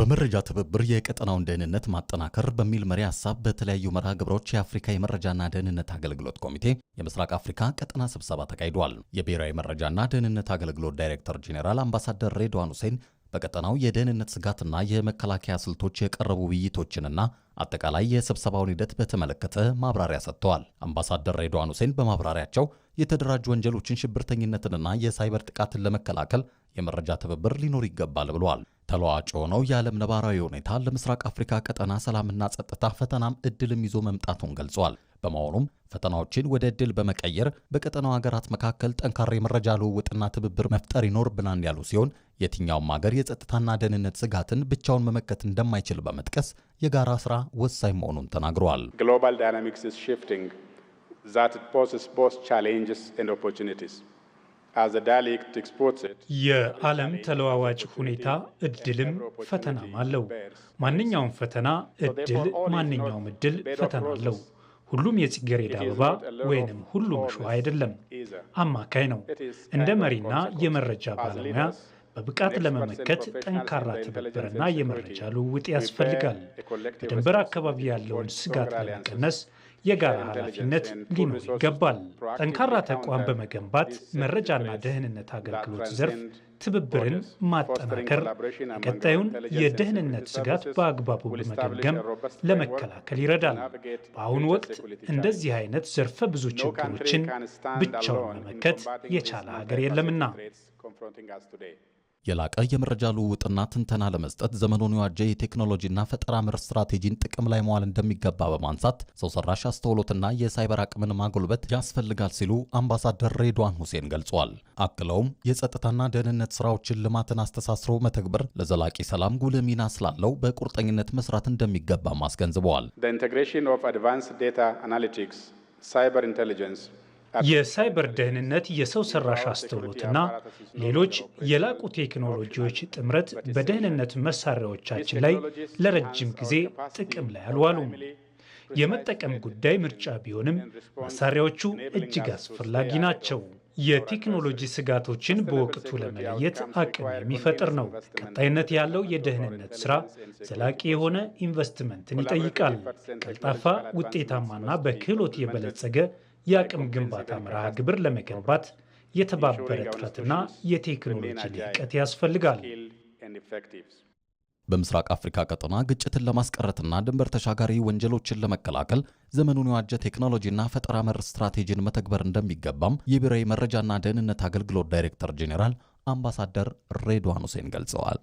በመረጃ ትብብር የቀጠናውን ደህንነት ማጠናከር በሚል መሪ ሀሳብ በተለያዩ መርሃ ግብሮች የአፍሪካ የመረጃና ደህንነት አገልግሎት ኮሚቴ የምስራቅ አፍሪካ ቀጠና ስብሰባ ተካሂዷል። የብሔራዊ መረጃና ደህንነት አገልግሎት ዳይሬክተር ጄኔራል አምባሳደር ሬድዋን ሁሴን በቀጠናው የደህንነት ስጋትና የመከላከያ ስልቶች የቀረቡ ውይይቶችንና አጠቃላይ የስብሰባውን ሂደት በተመለከተ ማብራሪያ ሰጥተዋል። አምባሳደር ሬድዋን ሁሴን በማብራሪያቸው የተደራጁ ወንጀሎችን፣ ሽብርተኝነትንና የሳይበር ጥቃትን ለመከላከል የመረጃ ትብብር ሊኖር ይገባል ብለዋል። ተለዋጭ የሆነው የዓለም ነባራዊ ሁኔታ ለምስራቅ አፍሪካ ቀጠና ሰላምና ጸጥታ ፈተናም እድልም ይዞ መምጣቱን ገልጿል። በመሆኑም ፈተናዎችን ወደ እድል በመቀየር በቀጠናው ሀገራት መካከል ጠንካራ መረጃ ልውውጥና ትብብር መፍጠር ይኖርብናል ያሉ ሲሆን የትኛውም ሀገር የጸጥታና ደህንነት ስጋትን ብቻውን መመከት እንደማይችል በመጥቀስ የጋራ ስራ ወሳኝ መሆኑን ተናግረዋል። ግሎባል ዳይናሚክስ ኢዝ ሺፍቲንግ ዛት ቦዝ ቻሌንጅስ ኤንድ ኦፖርቹኒቲስ የዓለም ተለዋዋጭ ሁኔታ እድልም ፈተናም አለው። ማንኛውም ፈተና እድል፣ ማንኛውም እድል ፈተና አለው። ሁሉም የጽጌረዳ አበባ ወይንም ሁሉም እሾህ አይደለም፣ አማካይ ነው። እንደ መሪና የመረጃ ባለሙያ በብቃት ለመመከት ጠንካራ ትብብርና የመረጃ ልውውጥ ያስፈልጋል። በድንበር አካባቢ ያለውን ስጋት ለመቀነስ የጋራ ኃላፊነት ሊኖር ይገባል። ጠንካራ ተቋም በመገንባት መረጃና ደህንነት አገልግሎት ዘርፍ ትብብርን ማጠናከር፣ የቀጣዩን የደህንነት ስጋት በአግባቡ በመገምገም ለመከላከል ይረዳል። በአሁኑ ወቅት እንደዚህ አይነት ዘርፈ ብዙ ችግሮችን ብቻውን መመከት የቻለ ሀገር የለምና። የላቀ የመረጃ ልውውጥና ትንተና ለመስጠት ዘመኑን የዋጀ የቴክኖሎጂና ፈጠራ ምር ስትራቴጂን ጥቅም ላይ መዋል እንደሚገባ በማንሳት ሰው ሰራሽ አስተውሎትና የሳይበር አቅምን ማጎልበት ያስፈልጋል ሲሉ አምባሳደር ሬድዋን ሁሴን ገልጿል። አክለውም የጸጥታና ደህንነት ስራዎችን ልማትን አስተሳስሮ መተግበር ለዘላቂ ሰላም ጉልህ ሚና ስላለው በቁርጠኝነት መስራት እንደሚገባም አስገንዝበዋል። ኢንቴግሬሽን ኦፍ አድቫንስድ ዴታ አናሊቲክስ ሳይበር ኢንቴሊጀንስ የሳይበር ደህንነት የሰው ሰራሽ አስተውሎትና ሌሎች የላቁ ቴክኖሎጂዎች ጥምረት በደህንነት መሳሪያዎቻችን ላይ ለረጅም ጊዜ ጥቅም ላይ አልዋሉም። የመጠቀም ጉዳይ ምርጫ ቢሆንም መሳሪያዎቹ እጅግ አስፈላጊ ናቸው። የቴክኖሎጂ ስጋቶችን በወቅቱ ለመለየት አቅም የሚፈጥር ነው። ቀጣይነት ያለው የደህንነት ስራ ዘላቂ የሆነ ኢንቨስትመንትን ይጠይቃል። ቀልጣፋ፣ ውጤታማና በክህሎት የበለጸገ የአቅም ግንባታ መርሃ ግብር ለመገንባት የተባበረ ጥረትና የቴክኖሎጂ ልቀት ያስፈልጋል። በምስራቅ አፍሪካ ቀጠና ግጭትን ለማስቀረትና ድንበር ተሻጋሪ ወንጀሎችን ለመከላከል ዘመኑን የዋጀ ቴክኖሎጂና ፈጠራ መር ስትራቴጂን መተግበር እንደሚገባም የብሔራዊ መረጃና ደህንነት አገልግሎት ዳይሬክተር ጄኔራል አምባሳደር ሬድዋን ሁሴን ገልጸዋል።